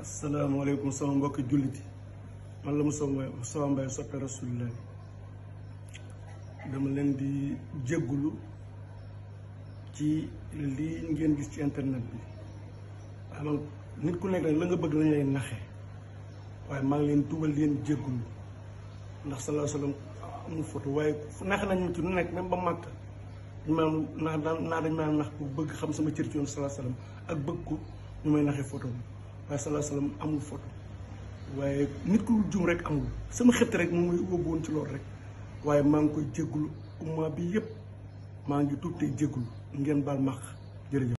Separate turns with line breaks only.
asalaamaaleykum sama jullit julliti man la mu sama sama mbay soppe rasulillah dama leen di jéggulu ci lii ngeen gis ci internet bi xam nit ku nekk nag la nga bëgg lañu naxe waaye maa ngi leen tuubal leen jéggulu ndax sallallahu alayhi wasallam amul photo waaye naxe nañu ci lu nekk même ba màkk dañ maam naa daan naa dañ maam nax bu bëgg xam sama cër ci yoon sallallahu alayhi ak bëgg ko ñu may naxe photo bi waaye salaa salaam amul foto waaye nit ku jum rek amul sama xet rek moom mooy yóbbu woon ci lool rek waaye maa ngi koy jéggulu umma bi yëpp maa ngi tuub tey jéggulu ngeen baal max jërëjëf